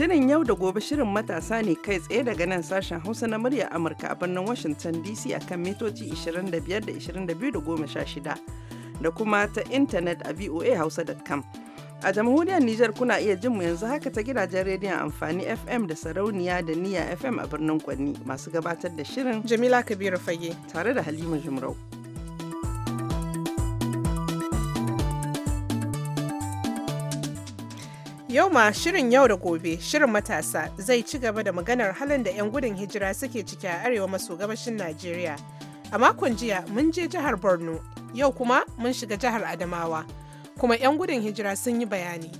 Shirin yau da gobe shirin matasa ne kai tsaye daga nan sashen Hausa na murya Amurka a birnin Washington DC kan mitoci 25 da 22 da 16 da kuma ta intanet a voahausa.com. A jamhuriyar Nijar kuna iya jin mu yanzu haka ta gidajen rediyon amfani FM da sarauniya da niya FM a birnin Kwanni masu gabatar da shirin Jamila Kabiru Fage tare da Halima Jumrau. Yau ma shirin yau da gobe shirin matasa zai ci gaba da maganar halin da 'yan gudun hijira suke ciki a arewa maso gabashin Najeriya. A makon jiya mun je jihar Borno, yau kuma mun shiga jihar Adamawa, kuma 'yan gudun hijira sun yi bayani.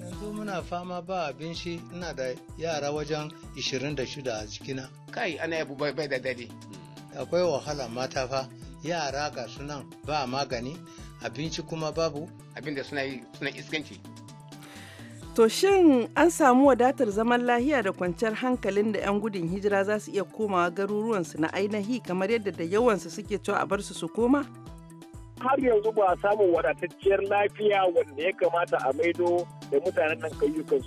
Yanzu muna fama ba abin shi ina da yara wajen 26 a jikina. Kai ana yabu bai da dare. Akwai wahala mata fa yara ga sunan ba magani abinci kuma babu. Abin da suna iskanci. To shin an samu wadatar zaman lahiya da kwanciyar hankalin da 'yan gudun hijira za su iya komawa garuruwansu na ainihi kamar yadda da yawansu suke cewa a bar su su koma? Har yanzu ba a samun wadatacciyar lafiya wanda ya kamata a maido da mutanen nan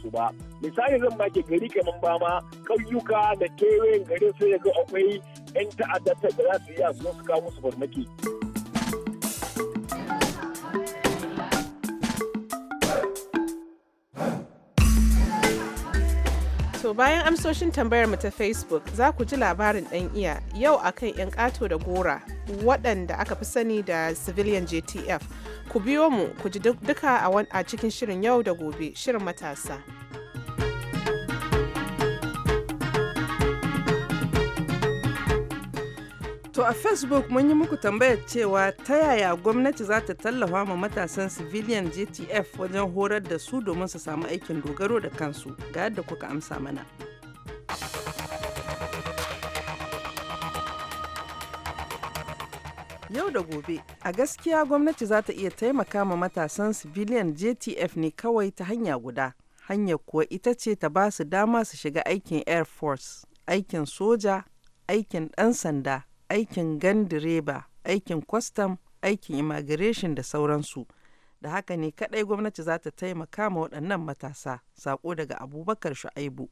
su ba. Misali zan baki gari kamar bama kayyuka da kewayen gari sai ga akwai 'yan ta'adda da za su yi a su kawo musu farmaki. To bayan amsoshin tambayar mu ta Facebook za ku ji labarin dan iya yau akan 'yan kato da gora waɗanda aka fi sani da civilian JTF. Ku biyo mu ku ji duka a cikin shirin yau da gobe shirin matasa. To a Facebook mun yi muku tambayar cewa ta yaya gwamnati za ta tallafa ma matasan civilian GTF wajen horar da su domin su samu aikin dogaro da kansu ga yadda kuka amsa mana. Yau da gobe, a gaskiya gwamnati za ta iya taimaka ma matasan civilian gtf ne kawai ta hanya guda. Hanyar kuwa ita ce ta ba su dama su shiga aikin Air Force, aikin soja, aikin ɗan sanda, aikin gandireba, aikin kwastam, aikin imagireshin da sauransu. Da haka ne kadai gwamnati za ta taimaka ma waɗannan matasa, sako daga Abubakar Shu'aibu.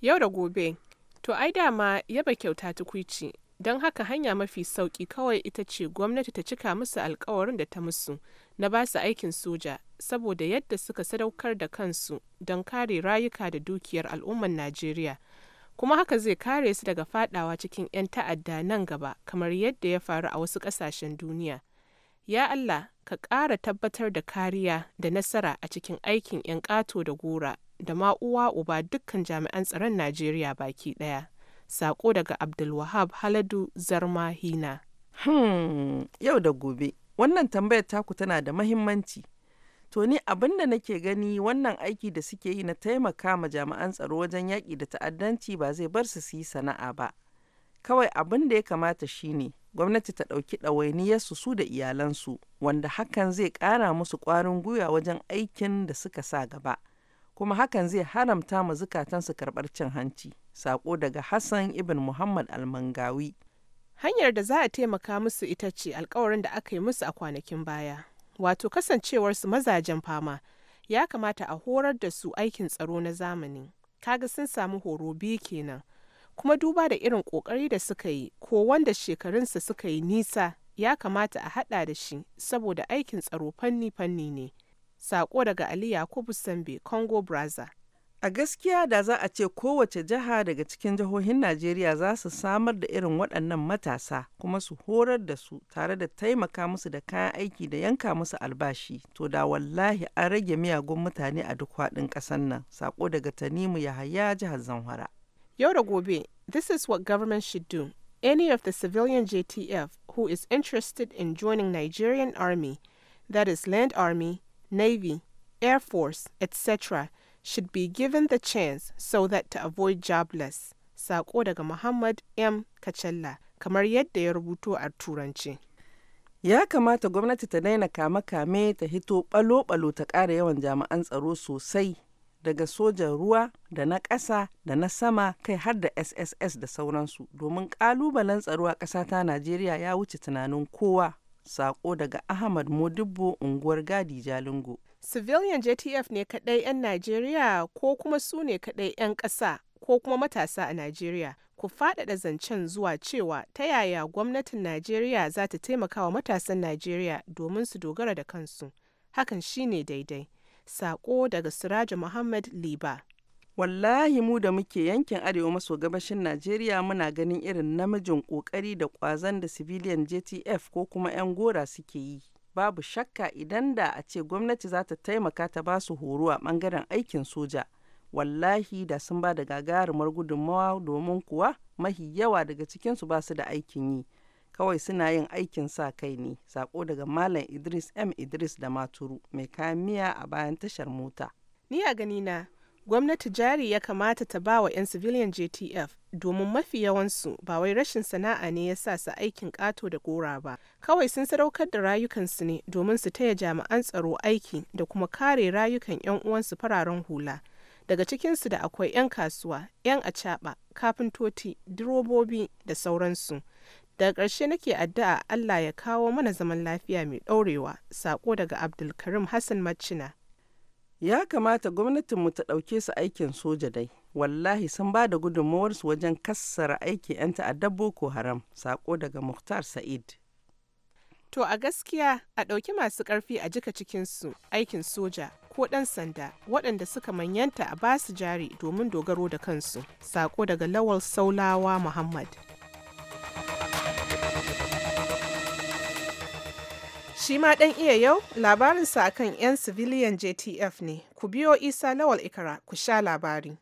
Yau da gobe, to ai dama yaba kyauta tukwici, don haka hanya mafi sauki kawai ita ce gwamnati ta cika musu alkawarin da ta musu na ba su aikin soja saboda yadda suka sadaukar da kansu don kare rayuka da dukiyar al'ummar najeriya kuma haka zai kare su daga fadawa cikin 'yan ta'adda nan gaba kamar yadda ya faru a wasu ƙasashen duniya. Ya Allah, ka ƙara tabbatar da kariya da nasara a cikin aikin 'yan ƙato da gora da ma uwa uba dukkan jami'an tsaron Najeriya baki ɗaya. Sako daga Abdulwahab Haladu Zarma Hina. Hmm, yau da gobe, wannan tambayar taku tana da mahimmanci. To ni abin da nake gani wannan aiki da suke yi na taimaka ma jami'an tsaro wajen yaƙi da ta'addanci ba zai bar su yi sana'a ba. Kawai abin da ya kamata shine gwamnati ta ɗauki ɗawainiyarsu su da iyalansu wanda hakan zai ƙara musu ƙwarin gwiwa wajen aikin da suka sa gaba. Kuma hakan zai haramta ma zukatansu karɓar cin hanci. Sako daga Hassan Ibn Muhammad Almangawi. Hanyar da za a taimaka musu ita ce alkawarin da aka yi musu a kwanakin baya. wato kasancewarsu mazajen fama ya kamata a horar da su aikin tsaro na zamani kaga sun samu horo biyu kenan kuma duba da irin kokari da suka yi ko wanda shekarunsa suka yi nisa ya kamata a hada da shi saboda aikin tsaro fanni-fanni ne sako daga ali yakubu sambe congo brazza A gaskiya da za a ce kowace jiha daga cikin jihohin Najeriya za su samar da irin waɗannan matasa kuma su horar da su tare da taimaka musu da kayan aiki da yanka musu albashi to da wallahi an rage miyagun mutane a duk faɗin ƙasar nan sako daga Tanimu Yahaya jihar Zamfara. Yau da gobe, this is what government should do. Any of the civilian JTF who is interested in joining Nigerian Army, that is Land Army, Navy, Air Force, etc., should be given the chance so that to avoid jobless. Sako daga Muhammad M. Kacella, kamar yadda ya rubuto a Turanci. Ya kamata gwamnati ta daina kame-kame ta hito balo-balo ta ƙara yawan jami'an tsaro sosai daga sojan ruwa da na ƙasa da na sama kai har da SSS da sauransu domin ƙalubalen tsaro a ƙasa ta Najeriya ya wuce tunanin kowa. Sako daga Ahmad Modibbo unguwar Gadi Jalingo. Civilian JTF ne kadai 'yan Najeriya ko kuma su ne kadai 'yan ƙasa ko kuma matasa a Najeriya? Ku faɗaɗa zancen zuwa cewa ta yaya gwamnatin Najeriya za ta taimaka wa matasan Najeriya domin su dogara da kansu. Hakan shi ne daidai. Saƙo daga Siraja Muhammad Liba. Wallahi mu da muke yankin arewa maso gabashin Najeriya muna ganin irin namijin ƙoƙari da ƙwazon da civilian JTF ko kuma 'yan gora suke yi. babu shakka idan da a ce gwamnati za ta taimaka ta ba su horo a ɓangaren aikin soja wallahi da sun ba da gagarumar gudunmawa domin kuwa mahi yawa daga cikinsu ba su da aikin yi kawai suna yin aikin sa kai ne sako daga malam idris m idris da maturu mai kamiya a bayan tashar mota ni a ganina gwamnati jari ya kamata ta ba wa 'yan civilian jtf domin mafi yawansu ba wai rashin sana'a ne ya sa su aikin ƙato da gora ba kawai sun sadaukar da rayukansu ne domin su taya jami'an tsaro aiki da kuma kare rayukan 'yan uwansu fararen hula daga cikinsu da akwai 'yan kasuwa 'yan acaɓa kafintoti direbobi da sauransu Da ƙarshe nake addu'a allah ya kawo mana zaman lafiya mai ɗorewa sako daga abdulkarim hassan macina ya kamata gwamnatinmu ta ɗauke su aikin soja dai wallahi sun ba da gudunmawarsu wajen kassara aiki 'yan ta'addar boko haram sako daga muhtar sa'id to a gaskiya a ɗauki masu ƙarfi a jika cikinsu aikin soja ko ɗan sanda waɗanda suka manyanta a ba su jari domin dogaro da kansu sako daga lawal saulawa muhammad shi ma ɗan iya yau labarinsa akan 'yan civilian jtf ne ku biyo isa lawal ikara ku sha labari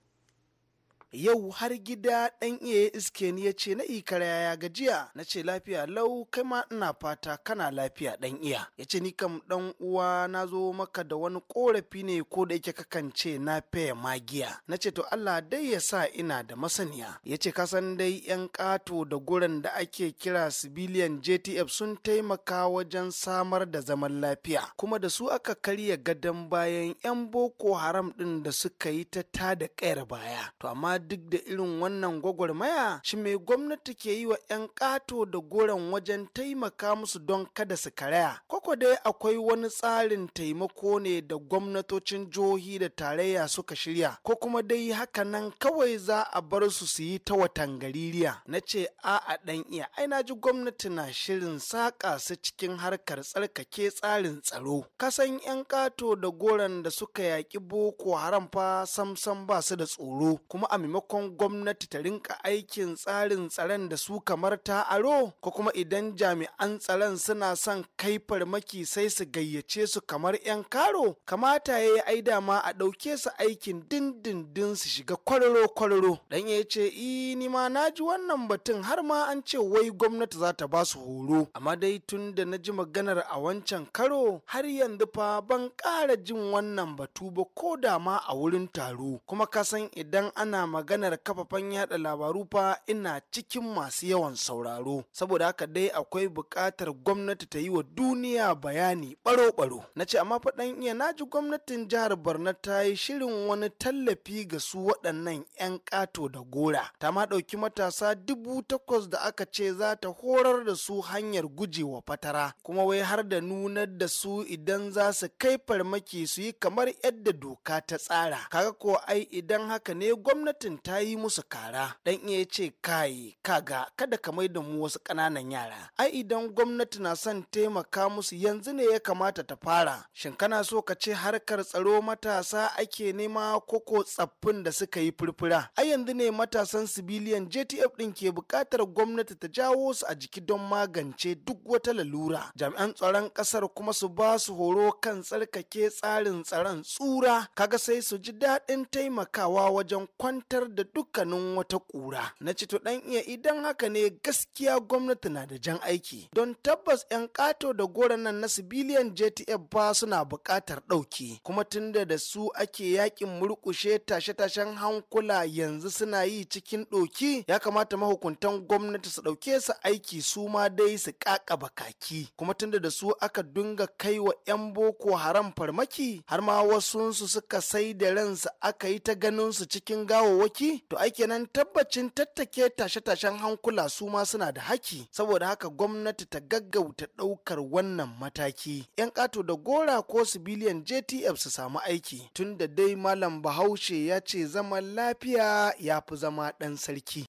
yau har gida ɗan iya iske ni ya ce na ikara ya gajiya na ce lafiya lau kai ma ina fata kana lafiya ɗan iya ya ce ni kam ɗan uwa na zo maka da wani korafi ne ko da yake kakan ce na faya magiya na ce to Allah dai ya sa ina da masaniya ya ce kasan dai yan ƙato da guran da ake kira civilian JTF sun taimaka wajen samar da zaman lafiya kuma da su aka karya gadon bayan yan boko haram ɗin da suka yi ta tada kayar baya to amma duk da irin wannan gwagwarmaya shi mai gwamnati ke yi wa 'yan ƙato da goron wajen taimaka musu don kada su karaya Koko dai akwai wani tsarin taimako ne da gwamnatocin jihohi da tarayya suka shirya ko kuma dai haka nan kawai za a bar su su yi ta watan gaririya na ce a a ɗan iya ai na ji gwamnati na shirin saƙa su cikin harkar tsarkake tsarin tsaro kasan 'yan ƙato da goron da suka yaƙi boko haram fa sam ba su da tsoro kuma a maimakon gwamnati ta rinka aikin tsarin tsaron da su kamar ta aro ko kuma idan jami'an tsaron suna son kai farmaki sai su gayyace su kamar 'yan karo kamata ya yi aida ma a ɗauke su aikin dindindin su shiga kwararo-kwararo dan ya ce ni ma na ji wannan batun har ma an ce wai gwamnati za ta ba su horo amma dai tun da na ji maganar a wancan karo har yanzu fa ban ƙara jin wannan batu ba ko da ma a wurin taro kuma kasan idan ana maganar kafafen yada labaru fa ina cikin masu yawan sauraro saboda haka dai akwai buƙatar gwamnati ta yi wa duniya bayani baro-baro na ce amma faɗan iya na ji gwamnatin jihar borno ta yi shirin wani tallafi ga su waɗannan 'yan ƙato da gora ta ma ɗauki matasa dubu takwas da aka ce za ta horar da su hanyar gujewa fatara kuma wai har da nunar da su idan za su kai farmaki su yi kamar yadda doka ta tsara kaga ko ai idan haka ne gwamnati gwamnatin ta yi musu kara dan iya ce kai kaga kada ka mai da mu wasu kananan yara ai idan gwamnati na son taimaka musu yanzu ne ya kamata ta fara shin kana so ka ce harkar tsaro matasa ake nema koko tsaffin da suka yi furfura ai yanzu ne matasan sibiliyan JTF din ke buƙatar gwamnati ta jawo su a jiki don magance duk wata lalura jami'an tsaron ƙasar kuma su ba su horo kan tsarkake tsarin tsaron tsura kaga sai su ji daɗin taimakawa wajen kwanta fitar da dukkanin wata ƙura. Na cito to ɗan iya idan haka ne gaskiya gwamnati na da jan aiki. Don tabbas 'yan ƙato da goron nan na civilian JTF ba suna buƙatar ɗauki. Kuma tunda da su ake yakin murkushe tashe-tashen hankula yanzu suna yi cikin ɗoki ya kamata mahukuntan gwamnati su ɗauke su aiki su ma dai su ƙaƙa bakaki. Kuma tunda da su aka dunga kai wa 'yan boko haram farmaki har ma wasunsu suka sai da ransu aka yi ta ganin su cikin gawo dokoki to ai kenan tabbacin tattake tashe-tashen hankula su ma suna da haki saboda haka gwamnati ta gaggauta ɗaukar wannan mataki 'yan ƙato da gora ko sibiliyan jtf su samu aiki tun da dai malam bahaushe ya ce zaman lafiya ya fi zama ɗan sarki.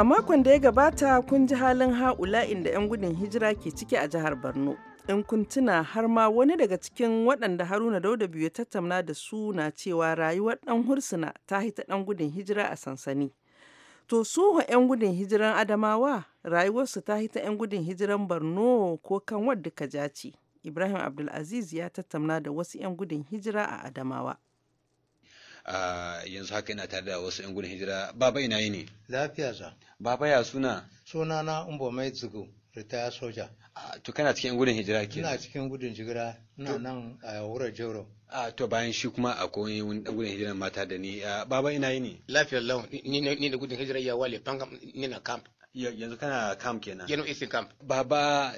A makon da ya gabata kun ji halin ha'ula inda 'yan gudun hijira ke ciki a jihar Borno. In kun tuna har ma wani daga cikin waɗanda Haruna Dauda biyu ya tattauna da su na cewa rayuwar ɗan hursuna ta hita ɗan gudun hijira a sansani. To wa 'yan gudun hijiran Adamawa rayuwarsu ta hita 'yan gudun hijiran Borno ko kan wadda ka Ibrahim Abdulaziz ya tattauna da wasu 'yan gudun hijira a Adamawa. yanzu haka ina tare da wasu 'yan gudun hijira baba ina yi ne lafiya za baba ya suna suna na umbo mai zugu ritaya soja to kana cikin 'yan gudun hijira ke ina cikin gudun hijira ina nan a wurin jero a to bayan shi kuma akwai wani dan gudun hijira mata da ni baba ina yi ne lafiya lau ni da gudun hijira ya wale pangam ni na camp yanzu kana camp kenan yanu isin camp baba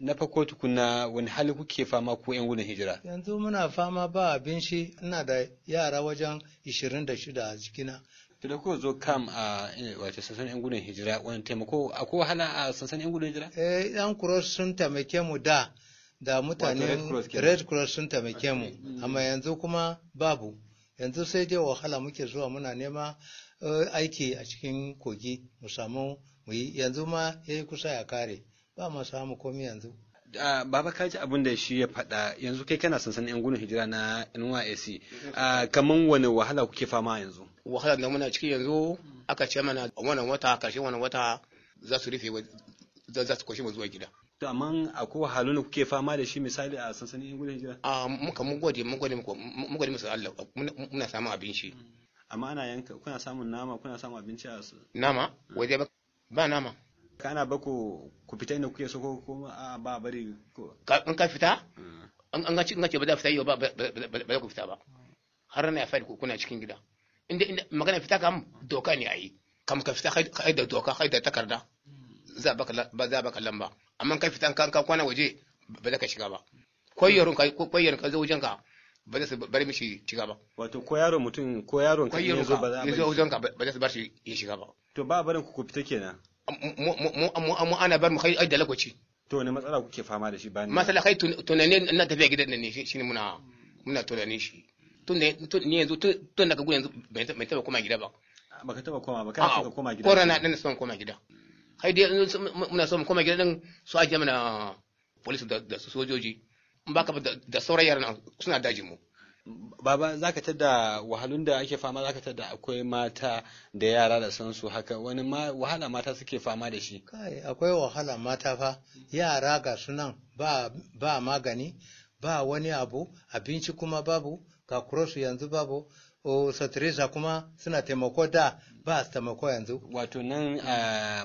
na farko tukuna wani hali kuke fama ko yan gudun hijira yanzu muna fama ba abin shi ina da yara wajen 26 a jikina to da zo kam a eh, wato sansanin yan gudun hijira wani taimako akwai wahala a sansanin yan gudun hijira eh yan cross sun taimake mu da da mutane red cross sun taimake mu mm. amma yanzu kuma babu yanzu sai dai wahala muke zuwa muna nema eh, aiki a cikin kogi mu samu mu yi yanzu ma ya yi kusa ya kare ba mu samu komi yanzu. baba ka ji abin da shi ya faɗa yanzu kai kana sansanin yan gudun hijira na NYSC kaman wani wahala kuke fama yanzu. wahala da muna ciki yanzu aka ce mana wannan wata ƙarshen wannan wata za su rufe za su kwashe mu zuwa gida. to amma akwai wahalu ne kuke fama da shi misali a sansanin yan gudun hijira. a muka mun gode mun gode mun gode musu Allah muna samun abin shi. amma ana yanka kuna samun nama kuna samun abinci a su. nama wajen ba ba nama kana ba ku ku fita inda kuke so ko kuma a ba bari ko in ka fita an hmm. ga cikin kace ba za fita yau ba ba za ku fita ba har na ya fadi kuna cikin gida inda inda magana fita kam doka ne ayi kam ka fita kai da doka kai da takarda za baka ba za baka lamba amma kai fitan kan ka kwana waje ba za ka shiga ba koyarun ka koyarun ka zo wajen ka ba za su bar mishi shiga ba wato ko yaro mutum ko yaron ka ne zo ba za ka su bar shi shiga ba To ba barin ku fita kenan. Mu ana bar mu kai ai da lokaci. To ne matsala kuke fama da shi ba ni. Matsala kai tunanin na tafiya gidan nan ne shi ne muna muna tunanin shi. Tun ne yanzu tun daga gudu yanzu bai taba koma gida ba. Ah, baka taba koma ba kai ka koma gida. Korona din son koma gida. Kai dai muna son koma gida din su ajiye mana police da sojoji. In baka da saurayar yaran suna daji mu. baba ka tada wahalun da ake fama za ka tada akwai mata da yara da sansu haka wani wahala mata suke fama da shi kai akwai wahala mata fa yara ga sunan ba ba magani ba wani abu abinci kuma babu ga yanzu babu o satirisa kuma suna taimako da ba su taimako yanzu wato nan a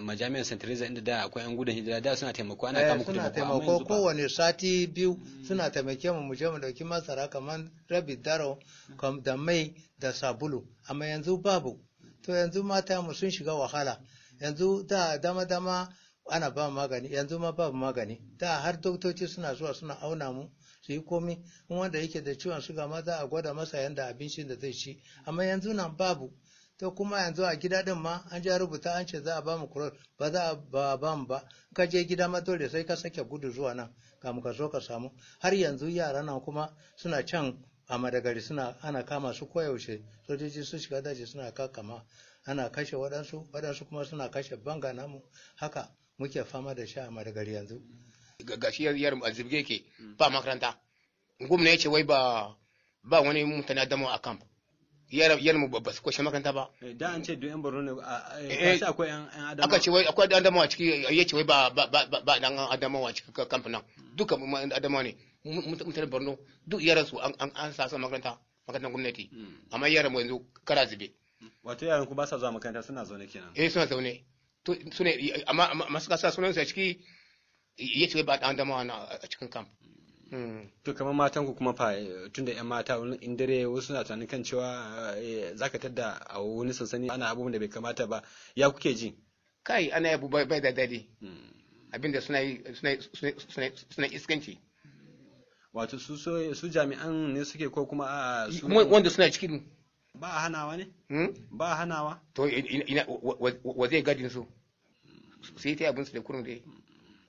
majami'ar St. Teresa inda da akwai yan gudun hijira da suna taimako ana eh, kama ku suna taimako kowane sati biyu mm. suna taimake mu mu je mu dauki masara kamar rabi daro da mai da sabulu amma yanzu babu to yanzu mata mu sun shiga wahala yanzu da dama dama ana ba magani yanzu ma babu magani da har doktoci suna zuwa suna auna mu su yi komi wanda yake da ciwon suga ma za a gwada masa yanda abincin da zai ci amma yanzu nan babu to kuma yanzu a gida din ma an ja rubuta an ce za a ba mu kurar ba za a ba mu ba ka je gida ma dole sai ka sake gudu zuwa nan mu ka zo ka samu har yanzu yara nan kuma suna can a madagari suna ana kama su koyaushe sojoji su shiga daji suna kakama ana kashe waɗansu waɗansu kuma suna kashe banga namu haka muke fama da shi a madagari yanzu gashi yar azibge ke ba makaranta gwamna ya ce wai ba ba wani mutane adamu a camp yar mu ba su kwashe makaranta ba eh, da an ce duk yan borno ne eh, kashi eh, akwai yan adamawa aka ce wai akwai adamawa ciki ya ce wai ba ba dan adamawa ciki kamfanin hmm. duka adamawa ne mutane borno duk yaran su an sa su makaranta makarantar gwamnati hmm. amma yaran mu yanzu kara zube hmm. wato yaran ku ba sa zuwa makaranta suna zaune kenan eh suna zaune to sune amma masu kasa sunan su a ciki ya ce wai ba dan adamawa na a cikin kamfanin Mm. to kamar matan ku kuma fa eh, tunda yan mata in dare wasu na tunanin kan cewa eh, zaka tadda a wani sansani ana abubuwan da bai kamata ba ya kuke ji kai ana yabu bai da dadi mm. abinda suna yi suna iskanci wato su su jami'an ne suke ko kuma a ah, wanda suna cikin ba a hanawa ne hmm? ba a hanawa to wa zai gadin su su yi ta abinsu da kurun dai mm.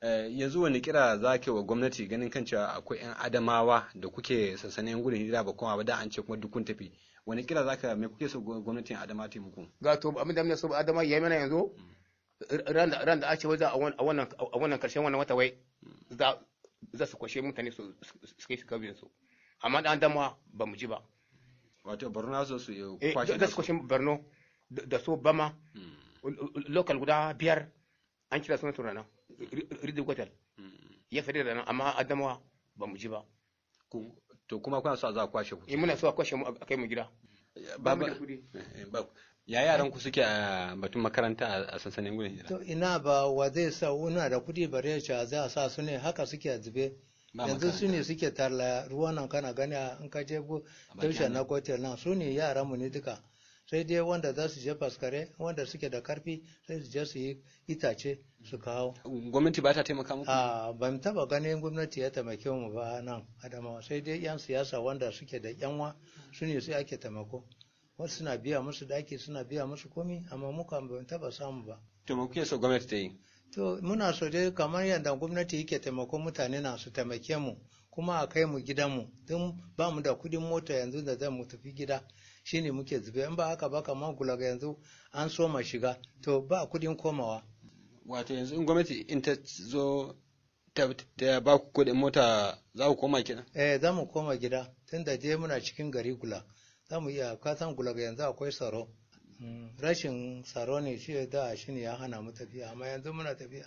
Eh, yanzu wani kira za ke wa gwamnati ganin kan cewa akwai 'yan adamawa da kuke sassanin gudun hijira ba kuma ba da an ce kuma dukun tafi wani kira za ka mai kuke so gwamnatin adama ta muku ga to abin da muna so adama ya mana yanzu mm. ran da ake waje a wannan karshen wannan wata wai mm. za su kwashe mutane su kai su kabin su amma da adama ba mu ji ba wato borno so su eh, kwashe da su kwashe borno da so bama mm. lokal guda biyar an kira sunan turana ridin kwatal ya fari da nan amma adamawa ba mu ji ba to kuma kuna so za a kwashe ku eh, muna so a kwashe mu a kai mu gida ba kudi eh, ya yaran ku suke a batun makaranta a sansanin gudun hijira to ina ba wa zai sa wuna da kudi bare shi za a sa su ne haka suke a zube yanzu su ne suke tarla ruwan nan kana gani in ka je bu taushe na kwatel nan su ne yaran mu ne duka sai dai wanda za su je faskare wanda suke da karfi sai su je su yi itace su kawo gwamnati ba ta taimaka muku a mu taba ganin gwamnati ya taimake mu ba nan adamawa sai dai yan siyasa wanda suke da yanwa su ne sai ake taimako wasu suna biya musu daki suna biya musu komi amma muka mu taba samu ba to mu so gwamnati ta yi to muna so dai kamar yadda gwamnati yake taimako mutane na su taimake mu kuma a kai mu gidanmu don ba mu da kudin mota yanzu da zan mu tafi gida shine muke zube in ba haka ba kamar ga yanzu an soma shiga to ba kuɗin komawa wato yanzu in gwamnati in ta zo ta ba ku kudin mota za ku koma gida. eh za mu koma gida tunda je muna cikin gari gula, za mu iya kasan ga yanzu akwai tsaro mm, rashin tsaro ne shi da shi ne ya hana mu tafiya amma yanzu muna tafiya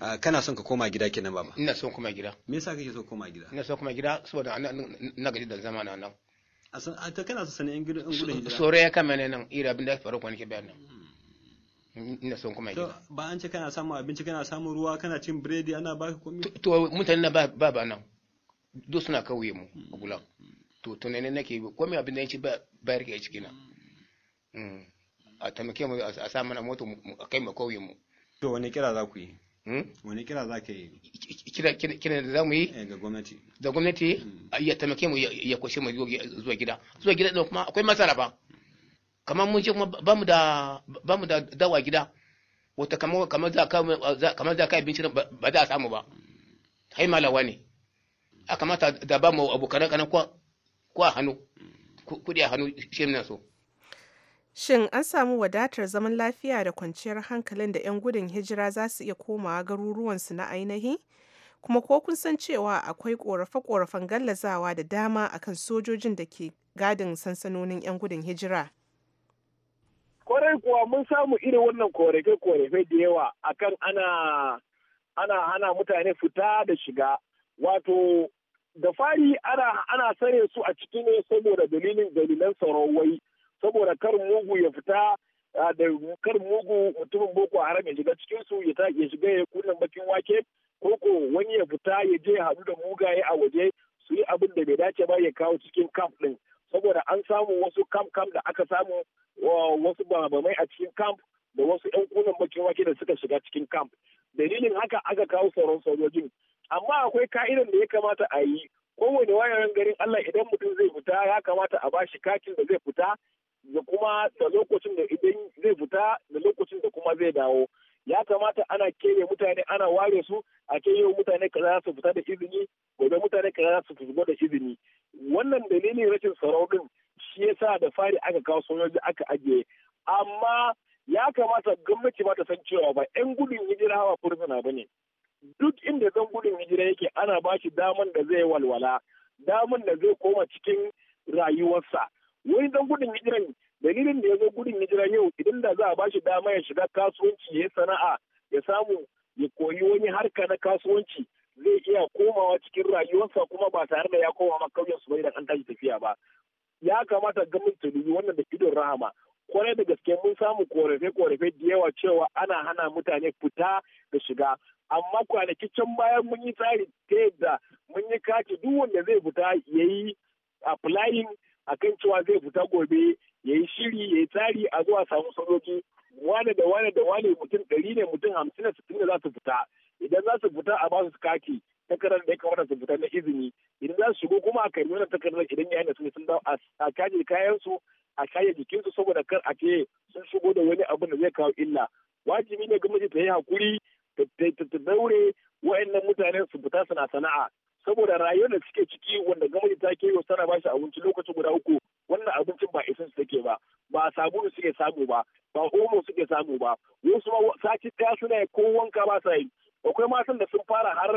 ah, kana son ka koma gida kenan baba ina son koma gida me yasa kake so koma gida ina son koma gida saboda na gari da zama na nan a ta kana su sani yan gudun hijira sore ya kama ne nan ira abin da ya faru kwanaki bayan nan ina son kuma gida ba an ce kana samun abinci kana samun ruwa kana cin biredi ana baka komai to mutane na ba ba nan duk suna kauye mu a hmm. gulan to tunanin nake komai abin da ya ci bayar ka ke ciki na hmm. hmm. a taimake mu a sa mana moto a kai mu kauye mu to wani kira za ku yi Hmm? wani kira za ka yi kira da za mu yi eh, ga gwamnati da gwamnati hmm. ya taimake mu ya kwashe mu zuwa gida zuwa gida ɗin kuma akwai masara ba kamar mun ce kuma ba mu da dawa gida wata kamar za ka abinci ba za a samu ba hai malawa ne a kamata da ba mu abokanan kanan kwa hannu kudi a hannu shi so. Shin an samu wadatar zaman lafiya da kwanciyar hankalin da 'yan gudun hijira za su iya komawa garuruwansu na ainihi? Kuma ko kun san cewa akwai ƙorafe-ƙorafen gallazawa da dama akan sojojin da ke gadin sansanonin 'yan gudun hijira? Kwarai kuwa mun samu irin wannan korafe-korafe da yawa akan ana ana hana mutane fita da shiga. Wato da fari ana ana sare su a ciki ne saboda dalilin dalilan tsaro wai saboda kar mugu ya fita da kar mugu mutumin boko haram ya shiga cikin su ya ya shiga ya kunnan bakin wake ko ko wani ya fita ya je haɗu da mugaye a waje su yi abin da bai dace ba ya kawo cikin camp din saboda an samu wasu camp camp da aka samu wasu babamai a cikin camp da wasu yan kunan bakin wake da suka shiga cikin camp dalilin haka aka kawo sauran sojojin amma akwai ka'idan da ya kamata a yi kowane wayoyin garin Allah idan mutum zai fita ya kamata a bashi kakin da zai fita da kuma da lokacin da idan zai fita da lokacin da kuma zai dawo ya kamata ana kere mutane ana ware su a ke yau mutane kaza su fita da izini gobe mutane kaza su fita da izini wannan dalilin rashin tsaro din shi yasa da fari aka kawo sojoji aka ajiye amma ya kamata gwamnati ma ta san cewa ba 'yan gudun hijira hawa fursuna ba ne duk inda zan gudun hijira yake ana ba shi daman da zai walwala daman da zai koma cikin rayuwarsa wani dan gudun hijiran dalilin da ya zo gudun hijira yau idan da za a bashi dama ya shiga kasuwanci ya sana'a ya samu ya koyi wani harka na kasuwanci zai iya komawa cikin rayuwarsa kuma ba tare da ya koma ma kauyen su da an tashi tafiya ba ya kamata gwamnati ta dubi wannan da idon rahama kwarai da gaske mun samu korafe-korafe da yawa cewa ana hana mutane fita da shiga amma kwanaki can bayan mun yi tsari ta yadda mun yi kaki duk wanda zai fita ya yi applying a kan cewa zai fita gobe ya yi shiri ya yi tsari a zuwa samu sojoji wane da wane da wane mutum ɗari ne mutum hamsin da sittin da za su fita idan za su fita a ba su kaki takardar da ya kamata su fita na izini idan za su shigo kuma a karbi wannan takardar idan yi da suke sun dawo a kaje kayan su a kaje jikin su saboda kar a ke sun shigo da wani abin da zai kawo illa wajibi ne gwamnati ta yi hakuri ta daure wa'annan mutane su fita suna sana'a saboda rayuwar da suke ciki wanda gwamnati ta ke tana ba shi abinci lokaci guda uku wannan abincin ba isin su take ba ba sabulu suke samu ba ba omo suke samu ba wasu ma sati daya suna ko wanka ba sa yi akwai matan da sun fara har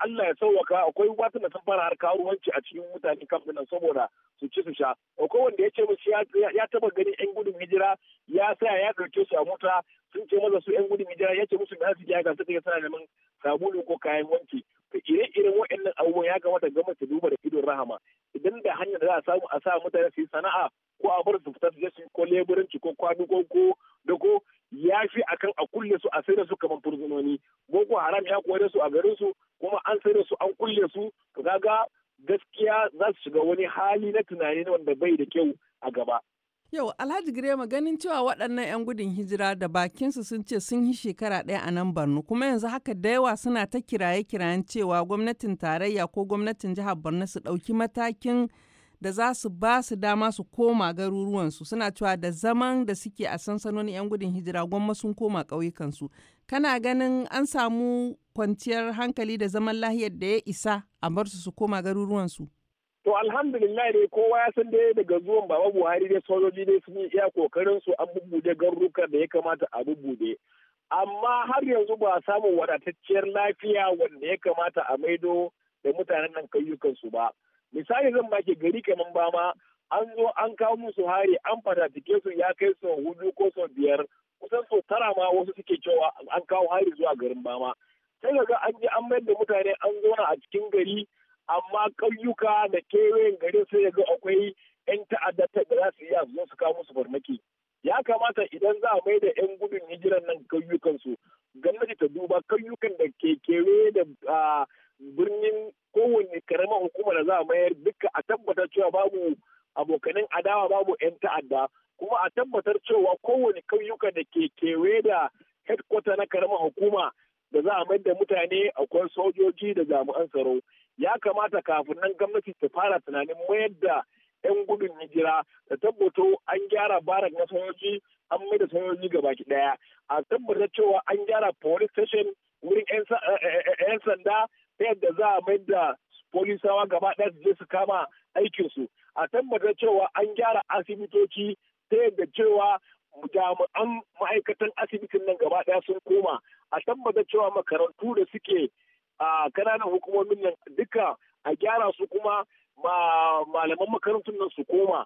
Allah ya sauwaka akwai matan da sun fara har karuwanci a cikin mutane kafin nan saboda su ci su sha akwai wanda ya ce musu ya taba ganin yan gudun hijira ya saya ya ɗauke su a mota sun ce maza su yan gudun hijira ya ce musu da za su ji haka suka yi da neman sabulu ko kayan wanki ire-iren waɗannan abubuwan ya kamata gwamnati duba da idon rahama idan da hanyar da za a samu a sa mutane su yi sana'a ko a bar su fita su je su ko leburanci ko kwadu ko da ko ya fi akan a kulle su a sai da su kamar fursunoni boko haram ya koyar su a garin su kuma an sai da su an kulle su to kaga gaskiya za su shiga wani hali na tunani wanda bai da kyau a gaba Yau Alhaji Girema ganin cewa waɗannan 'yan gudun hijira da bakinsu sun ce sun yi shekara ɗaya a nan Borno kuma yanzu haka da yawa suna ta kiraye-kirayen cewa gwamnatin tarayya ko gwamnatin jihar Borno su ɗauki matakin da za su ba su dama su koma garuruwansu suna cewa da zaman da suke a sansanonin 'yan gudun hijira gwamma sun koma ƙauyukansu. Kana ganin an samu kwanciyar hankali da zaman lahiyar da ya isa a bar su su koma garuruwansu? To alhamdulillah dai kowa ya san dai daga zuwan Baba Buhari dai sojoji dai sun yi iya kokarin su an bubbude garuruka da ya kamata a bubbude. Amma har yanzu ba a samun wadatacciyar lafiya wanda ya kamata a maido da mutanen nan kayyukan su ba. Misali zan baki gari kaman bama an zo an kawo musu hari an fatatike su ya kai sau hudu ko sau biyar kusan sau tara ma wasu suke cewa an kawo hari zuwa garin bama. Sai ga an je an mayar da mutane an zauna a cikin gari amma ƙauyuka da kewayen gari sai ga akwai 'yan ta'adda da za su yi zo su kawo musu farmaki ya kamata idan za a mai da 'yan gudun hijiran nan ƙauyukansu gwamnati ta duba kayyukan da ke kewaye da birnin kowanne karamar hukuma da za a mayar duka a tabbatar cewa babu abokanin adawa babu 'yan ta'adda kuma a tabbatar cewa kowanne kayyuka da ke kewe da headquarter na karamar hukuma da za a mai da mutane akwai sojoji da jami'an tsaro ya kamata kafin nan gwamnati ta fara tunanin mayar da 'yan gudun hijira da tabbato an gyara barak na sojoji an mai da sojoji gabaki daya a tabbata cewa an gyara police station wurin 'yan eh, eh, eh, sanda ta yadda za a mai da polisawa gaba ɗaya su je su kama aikinsu a tabbata cewa an gyara asibitoci ta yadda cewa jami'an ma'aikatan asibitin nan gaba ɗaya sun koma a tabbata cewa makarantu da suke a kananan hukumomin nan duka a gyara su kuma malaman makarantun nan su koma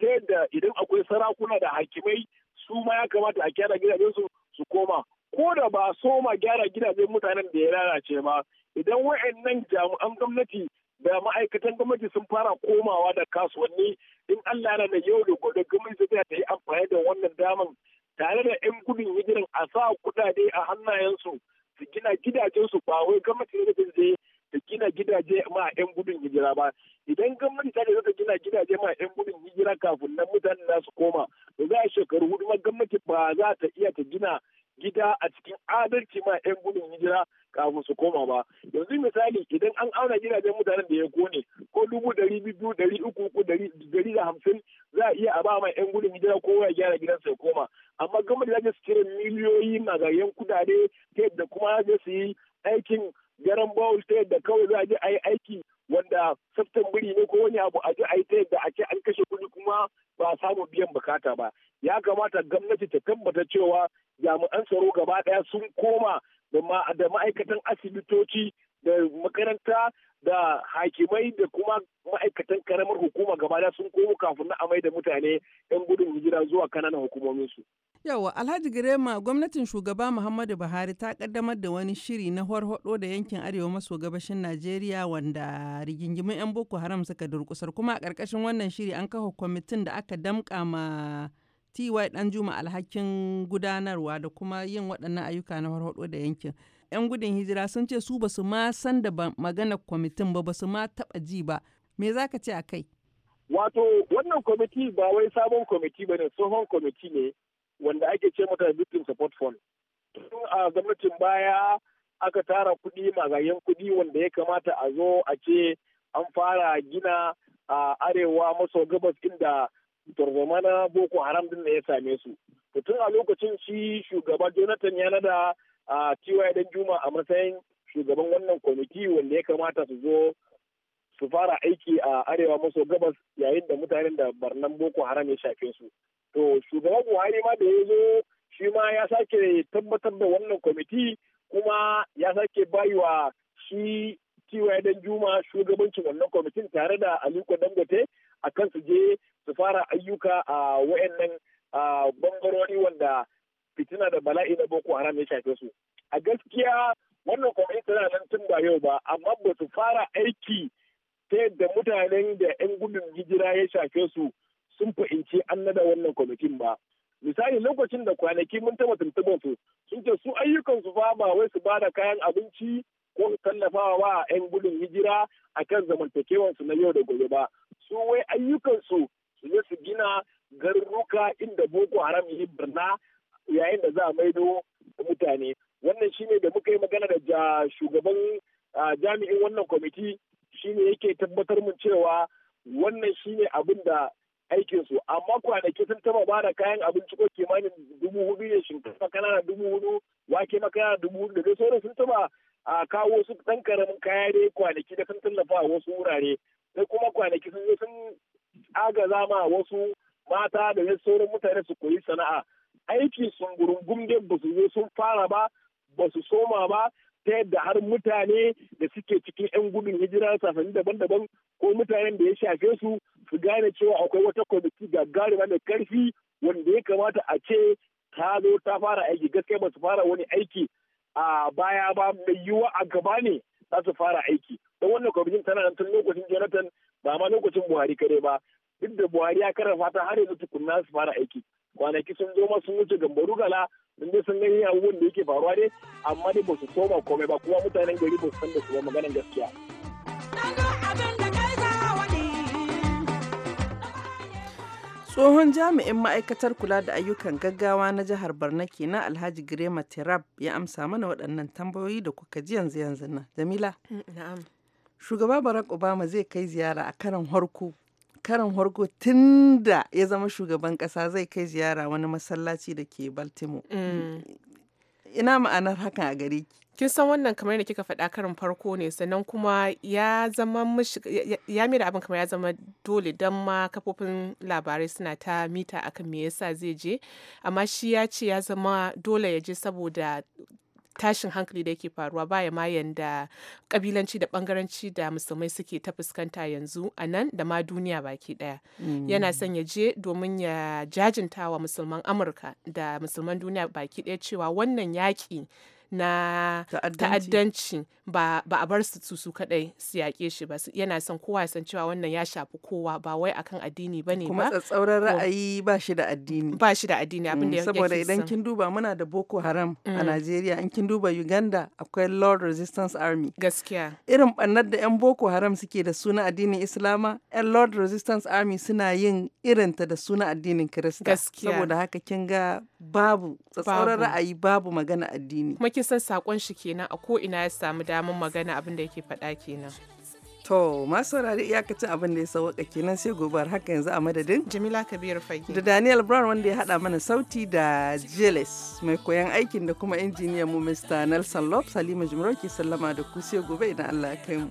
ta yadda idan akwai sarakuna da hakimai su ma ya kamata a gyara gidajen su su koma ko da ba so ma gyara gidajen mutanen da ya lalace ba idan wa'annan jami'an gwamnati da ma'aikatan gwamnati sun fara komawa da kasuwanni in Allah na da yau da gobe gwamnati zai ta yi amfani da wannan daman tare da 'yan gudun hijiran a sa kudade a hannayensu su gina gidajensu ba wai gwamnati ne da zai ta gina gidaje ma 'yan gudun hijira ba idan gwamnati ta ta gina gidaje ma 'yan gudun hijira kafin nan mutane za su koma to za a shekaru hudu ma gwamnati ba za ta iya ta gina gida a cikin adalci ma 'yan gudun hijira kafin su koma ba yanzu misali idan an auna gidajen mutanen da ya kone ko dubu dari biyu dari uku uku dari da hamsin za a iya a ba ma 'yan gudun hijira ko ya gyara gidansa ya koma amma gwamnati za ta su cire miliyoyi magayen kudade ta yadda kuma za su yi aikin garan bawul ta yadda kawai za a je a yi aiki wanda tsaftan biri ne ko wani abu a ji a yi ta yadda a ce an kashe kuɗi kuma ba a samu biyan bukata ba ya kamata gwamnati ta tabbata cewa jami'an tsaro gaba ɗaya sun koma da ma'aikatan asibitoci da makaranta da hakimai da kuma ma'aikatan karamar hukuma gaba sun komo kafin na amai da mutane 'yan gudun hijira zuwa kananan hukumominsu. Yawa Alhaji Girema gwamnatin shugaba Muhammadu Buhari ta kaddamar da wani shiri na horhodo da yankin arewa maso gabashin Najeriya wanda rigingimin 'yan Boko Haram suka durkusar kuma a ƙarƙashin wannan shiri an kafa kwamitin da aka damƙa ma TY Danjuma alhakin gudanarwa da kuma yin waɗannan ayyuka na horhodo da yankin. 'yan gudun hijira sun ce su basu ma san da magana kwamitin ba basu ma taba ji ba me za ka ce a kai wato wannan kwamiti ba wai sabon kwamiti ba ne tsohon kwamiti ne wanda ake ce mata victim support fund tun a gwamnatin baya aka tara kuɗi magayen kuɗi wanda ya kamata a zo a ce an fara gina a arewa maso gabas inda tarzoma na boko haram din da ya same su tun a lokacin shi shugaba jonathan ya nada a cewa dan juma a matsayin shugaban wannan kwamiti wanda ya kamata su zo su fara aiki a arewa maso gabas yayin da mutanen da barnan boko haram ya shafe su to shugaban buhari ma da ya zo shi ma ya sake tabbatar da wannan kwamiti kuma ya sake baiwa shi cewa dan juma shugabancin wannan kwamitin tare da aliko dangote a kan su je su fara ayyuka a wayannan bangarori wanda fitina da bala'i na boko haram ya shafe su a gaskiya wannan kwamfani tana nan tun ba yau ba amma ba su fara aiki ta yadda mutanen da 'yan gudun hijira ya shafe su sun fahimci an nada wannan kwamitin ba misali lokacin da kwanaki mun taba tuntuɓar su sun ce su ayyukan su fa ba wai su ba da kayan abinci ko su tallafawa wa 'yan gudun hijira kan zamantakewar su na yau da gobe ba su wai ayyukan su su je su gina garuruka inda boko haram yi birna. yayin da za a maido mutane wannan shine da muka yi magana da shugaban jami'in wannan kwamiti shine yake tabbatar mun cewa wannan shine abin da aikin su amma kwanaki sun taba ba da kayan abinci ko kimanin dubu hudu ne shinkafa kanana dubu hudu wake makana dubu hudu da dai sauran sun taba a kawo su dan karamin kaya ne kwanaki da sun tallafa a wasu wurare sai kuma kwanaki sun zo sun agaza ma wasu mata da sauran mutane su koyi sana'a aiki sungurungum dai ba su zo sun fara ba ba su soma ba ta yadda har mutane da suke cikin 'yan gudun hijira safari daban-daban ko mutanen da ya shafe su su gane cewa akwai wata kwamiti gagarima da karfi wanda ya kamata a ce ta zo ta fara aiki gaskiya ba su fara wani aiki a baya ba mai yiwuwa a gaba ne za su fara aiki don wannan kwamitin tana nan tun lokacin jonathan ba ma lokacin buhari kare ba duk da buhari ya karrafa ta har yanzu tukunna su fara aiki kwanaki sun zo masu sun wuce gambaru gala sun je sun gani abubuwan da yake faruwa dai amma dai ba su soma komai ba kuma mutanen gari ba su san da su ba maganar gaskiya. Tsohon jami'in ma'aikatar kula da ayyukan gaggawa na jihar Barna kenan Alhaji Girema Terab ya amsa mana waɗannan tambayoyi da kuka ji yanzu yanzu nan. Jamila. Mm, Shugaba barak Obama zai kai ziyara a karan harko karin horko tun da ya zama shugaban kasa zai kai ziyara wani masallaci da ke baltimore mm. ina ma'anar hakan a gare ki kin san wannan kamar da kika faɗa karin farko ne sannan kuma ya zama mishi ya abin kamar ya zama dole don ma kafofin labarai suna ta mita akan me yasa zai je amma shi ya ce ya zama dole ya je saboda tashin hankali da yake faruwa baya ma yanda kabilanci da bangaranci da musulmai suke ta fuskanta yanzu a nan da ma duniya baki daya yana mm. son ya je domin ya jajinta wa musulman amurka da musulman duniya baki daya cewa wannan yaƙi na ta'addanci ba ba a bar su su kadai su yaƙe shi ba yana son kowa san cewa wannan ya shafi kowa ba wai akan addini ba ne kuma tsatsauran ra'ayi ba shi da addini ba shi da addini abin mm, da yake saboda idan kin duba muna da Boko Haram a mm. Najeriya in kin duba Uganda akwai Lord Resistance Army gaskiya irin bannar da yan Boko Haram suke da suna addinin Islama yan Lord Resistance Army suna yin irin ta da suna addinin Kirista gaskiya saboda haka kin ga babu tsatsauran ra'ayi babu magana addini kuma kin san sakon shi kenan a ko ina ya samu dama faɗa magana abin da yake faɗa kenan. To, masu saurari iyakacin abin da ya sauka kenan sai gobar haka yanzu a madadin. Jamila Kabir Fage. Da Daniel Brown wanda ya haɗa mana sauti da Jeles mai koyan aikin da kuma injiniyan mu Mr. Nelson Lop Salima Jumro ke sallama da ku sai gobe idan Allah ya kai mu.